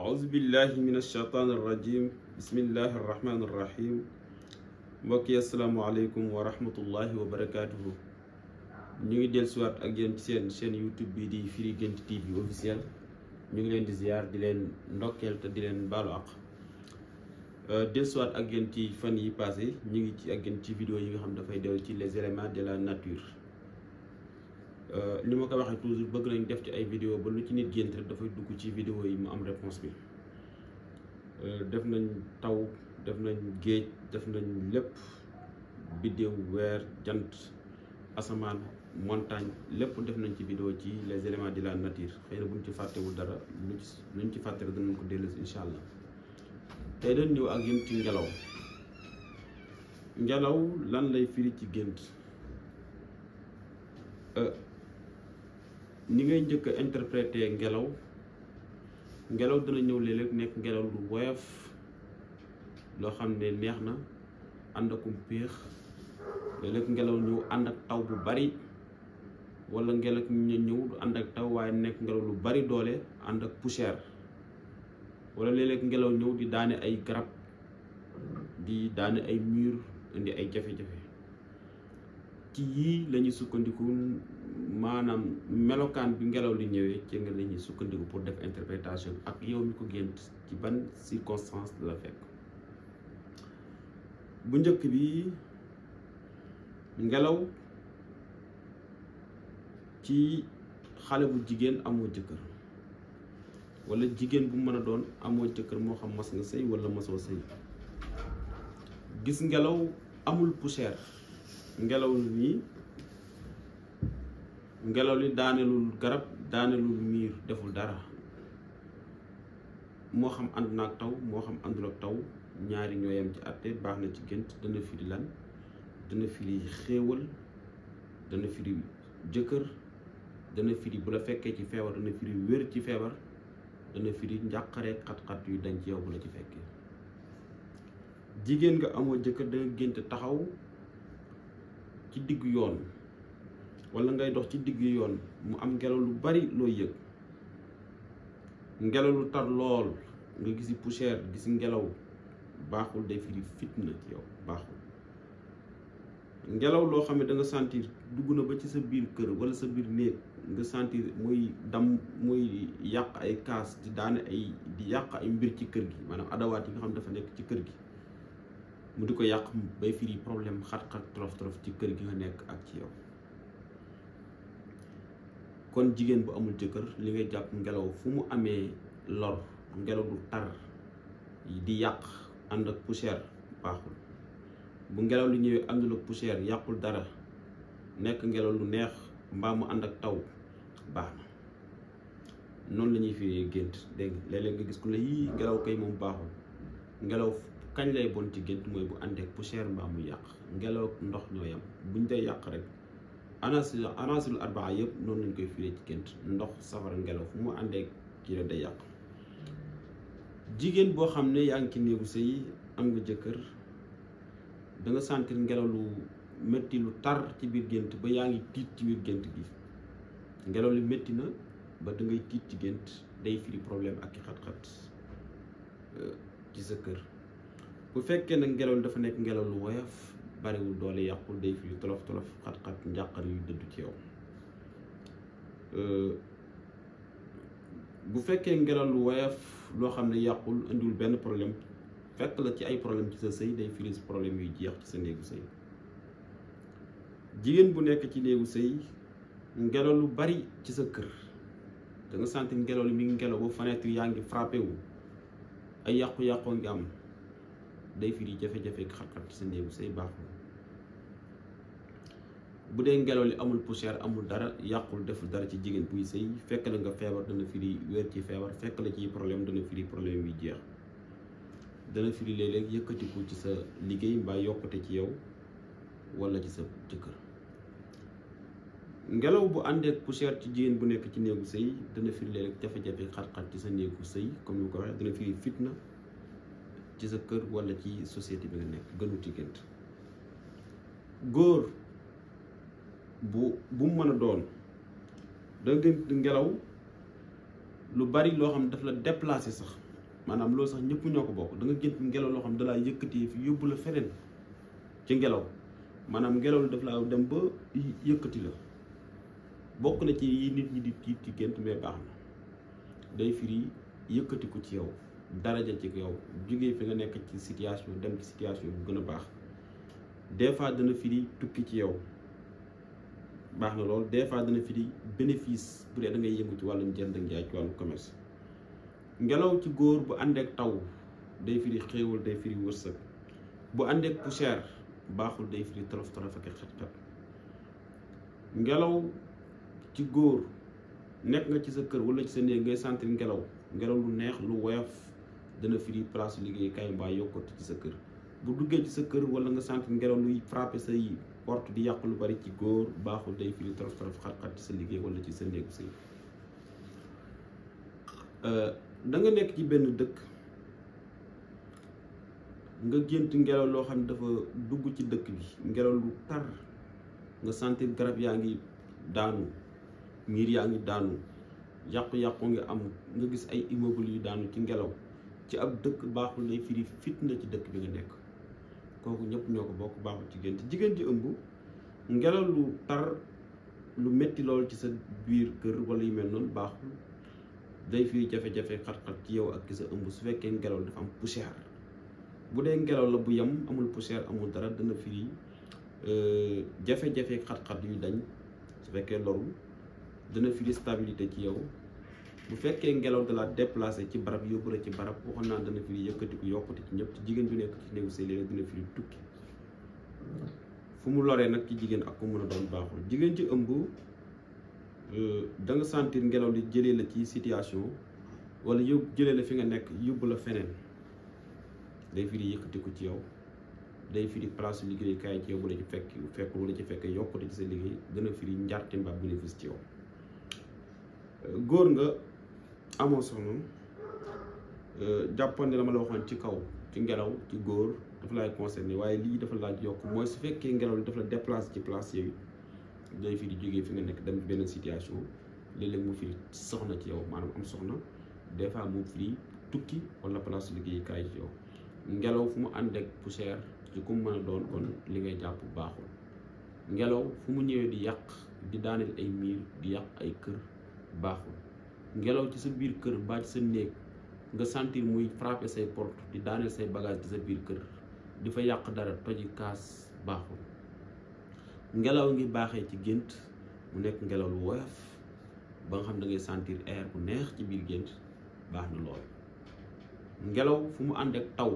auzu billahi min alsheytaan irrajim bismillahi arrahmani irrahim mbokk yi asalaamualeykum wa rahmatullahi wa barakatuhu ñu ngi suwaat ak yéen seen chaîne youtube bi di Firi Guent TV officiel ñu ngi leen di ziar di leen ndokkeel te di leen baalu àq euh, dellusiwaat ak yéen ci fan yi passé ñu ngi ci ak yéen ci vidéo yi nga xam dafay dellu ci les éléments de la nature Euh, ni ma ko waxee toujours bëgg nañu def ci ay vidéo ba lu ci nit gént rek dafay dugg ci video yi mu am réponse bi euh, def nañ taw def nañ géej def nañu lépp biddéew weer jant asamaan montagne lépp def nañ ci vidéo ci les éléments de la nature xëy na buñ ci fàttewul dara luñ ci luñ ci fàtte rek danañ ko delloos incha allah tey dañ ñëw ak yéen ci ngelaw ngelaw lan lay firi ci gént euh, ni ngay njëkk a ngelaw ngelaw dina ñëw léeg nekk ngelaw lu woyof loo xam ne neex na ànd akum péex léeg-léeg ngelaw ñëw ànd ak taw bu bari wala ngelaw ñu ñëw du ànd ak taw waaye nekk ngelaw lu bari doole ànd ak poussière wala léeg ngelaw ñëw di daane ay garab di daane ay mur indi ay jafe-jafe ci yii lañuy sukkandiku maanaam melokaan bi ngelaw li ñëwee ci nga la ñuy sukkandiku pour def interprétation ak yow mi ko gént ci ban circonstance la fekk bu njëkk bi ngelaw ci xale bu jigéen amoo jëkkër wala jigéen bu mën a doon amoo jëkkër moo xam mas nga sëy wala masoo sëy gis ngelaw amul poussière ngelaw nii ngelaw li daanelul garab daanelul miir deful dara moo xam ànd na taw moo xam àndul taw ñaari ñoo yem ci àtte baax na ci gént dana firi lan dana firi xéewal dana firi jëkkër dana firi bu la fekkee ci feebar dana firi wér ci feebar dana firi njàqare xat-xat yu dañ ci yow la ci fekkee jigéen nga amoo jëkkër danga gént taxaw ci diggu yoon wala ngay dox ci digg yoon mu am ngelaw lu bari loo yëg ngelaw lu tar lool nga gisi poussière gisi ngelaw baaxul day firi fitna ci yow baaxul ngelaw loo xam ne da nga sentir dugg na ba ci sa biir kër wala sa biir néeg nga sentir muy dam muy yàq ay kaas di daane ay di yàq ay mbir ci kër gi maanaam adawaat yi nga xam dafa nekk ci kër gi mu di ko yàq bay firi problème xat-xat torof torof ci kër gi nekk ak ci yow kon jigéen bu amul jëkkër li nga jàpp ngelaw fu mu amee lor ngelaw du tar di yàq ànd ak poussière baaxul bu ngelaw lu ñëwee àndul ak poussière yàqul dara nekk ngelaw lu neex mbaa mu ànd ak taw baax na noonu la ñuy firee gént dégg nga léeg nga gis ku ne yii ngelaw kay moom baaxul ngelaw kañ lay bon ci gént mooy bu ànd ak poussière mbaa mu yàq ngelaw ndox ñoo yam buñ dee yàq rek anaasil anaasilul arbaa yëpp noonu lañ koy firee ci gént ndox safara ngelaw fu mu àndee kii la day yàqu jigéen boo xam ne yaa ngi ci néegu sëy am nga jëkkër da nga ngelaw lu métti lu tar ci biir gént ba yaa ngi tiit ci biir gént gi ngelaw li métti na ba da ngay tiit ci gént day firi problème ak i xat-xat euh, ci sa kër bu fekkee nag ngelaw li dafa nekk ngelaw lu woyof bariwul doole yàqul day fi yu tolof tolof xat-xat njàqar yu dëdd ci yow euh, bu fekkee ngelaw lu woyof loo xam ne yàqul indiwul benn problème fekk la ci ay problème ci sa sëy day firis problème yuy jeex ci sa néegu sëy jigéen bu nekk ci néegu sëy ngelaw lu bari ci sa kër da nga sant ngelaw li mi ngi ngelaw ba fenêtre yaa ngi frappé ay yàqu-yàqoo ngi am day firi jafe-jafe xat-xat ci sa néegu sëy baaxul bu dee ngelaw li amul poussière amul dara yàqul deful dara ci jigéen buy sëy fekk na nga feebar dana firi wér ci feebar fekk la ci problème dana firi problème bi jeex dana firi léeg-léeg yëkkatiku ci sa liggéey mbaa yokkute ci yow wala ci sa jëkkër ngelaw bu àndeek poussière ci jigéen bu nekk ci néegu sëy dana firi léeg-léeg jafe sa néegu sëy comme ni ko waxee dana firi fitna ci sa kër wala ci société bi nga nekk gënu ci bu bu mu mën a doon da ngeen ngelaw lu bari loo xam daf la déplacé sax maanaam loo sax ñëpp ñoo ko bokk da nga gént ngelaw loo xam da laa yëkkati fi yóbbu la feneen ci ngelaw maanaam ngelaw lu daf la dem ba yëkkati la bokk na ci yi nit ñi di tiit ci gént mais baax na day firi yëkkati ko ci yow daraja ci yow jógee fi nga nekk ci situation dem ci situation bu gën a baax des fois dana firi tukki ci yow baax na loolu des fois dana firi bénéfice bu dee da ngay yëngu ci wàllum jënd ak jaay ci wàllu commerce ngelaw ci góor bu ànd ak taw day firi xéewal day firi wërsëg bu ànd ak poussière baaxul day firi tolof tolof ak xet-xet ngelaw ci góor nekk nga ci sa kër wala ci sa néeg ngay sentir ngelaw ngelaw lu neex lu woyof dana firi place liggéeykaay mbaa yokkati ci sa kër bu duggee ci sa kër walla nga sentir ngelaw luy frappé sa yii porte di yàq lu bari ci góor baaxul day firi torof torof xat-xat ci sa liggéey wala ci sa néegu sëy euh, danga nekk ci benn dëkk nga gént ngelaw loo xam ne dafa dugg ci dëkk bi ngelaw lu tar nga sentir garab yaa ngi daanu miir yaa ngi daanu yàqu-yàqu ngi am nga gis ay immeuble yu daanu ci ngelaw ci ab dëkk baaxul day firi fitna ci dëkk bi nga nekk kooku ñëpp ñoo ko bokk baaxul jigéen te jigéen ji ëmb ngelaw lu tar lu métti loolu ci sa biir kër wala yu mel noonu baaxul day fii jafe-jafe xat-xat ci yow ak ki sa ëmb su fekkee ngelaw dafa am poussière bu dee ngelaw la bu yam amul poussière amul dara dana fii euh, jafe-jafe xat-xat yu dañ su fekkee loru dana firi stabilité ci yow bu fekkee ngelaw da la déplacé ci barab yóbbu la ci barab waxoon naa dana firi yëkkatiku yokkute ci ñëpp ci jigéen bi nekk ci néew sëy léeg dina mu loree nag jigéen ak ku mun a baaxul jigéen ci ëmb euh, da sentir ngelaw li jëlee la ci situation wala yóbbu jëlee la fi nga nekk yóbbu la feneen day firi yëkkatiku ci yow day firi place liggéeykaay ci bu la ci fekk fekk wala ci fekk yokkute ci sa liggéey dana firi njarte mbaa bénéfice ci yow euh, góor nga amoo soxna euh, jàppoon ne dama la waxoon ci kaw ci ngelaw ci góor dafa laay concerné waaye lii dafa laaj yokk mooy su fekkee ngelaw li dafa la déplacé ci place yooyu fi di jógee fi nga nekk dem benn situation léeg mu firi soxna ci yow maanaam soxna des fois mu firi tukki wala place liggéeyukaay ci yow ngelaw fu mu ànd ak poussière ci ku mu mën a doon on li ngay jàpp baaxul ngelaw fu mu ñëwee di yàq di daaneel ay miir di yàq ay kër baaxul ngelaw ci sa biir kër baa ci sa néeg nga sentir muy frappé say porte di daaneel say bagage ci sa biir kër di fa yàq dara toji kaas baaxul ngelaw ngi baaxee ci gént mu nekk ngelaw lu woyof ba nga xam da ngay sentir air bu neex ci biir gént baax na lool ngelaw fu mu ànd ak taw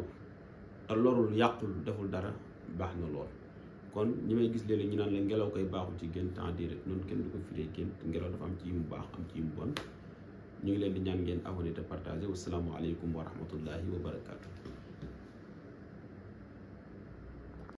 te lorul yàqul deful dara baax na lool kon ñi may gis léeg-léeg ñu naan la ngelaw koy baaxul ci gént temps di rek noonu kenn du ko firee gént ngelaw dafa am ci yi baax am ci yi bon ñu ngi leen di ñaan ngeen abonné te partagé wasalaamualeykum wa rahmatullahi wa barakaatu.